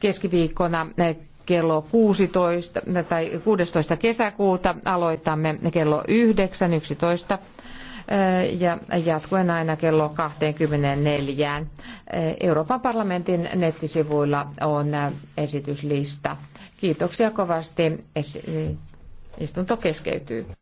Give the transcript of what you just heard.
keskiviikkona eh, kello 16 tai 16 kesäkuuta aloitamme kello 9, 11 eh, ja jatkuen aina kello 24. Eh, Euroopan parlamentin nettisivuilla on esityslista. Kiitoksia kovasti. Istunto keskeytyy.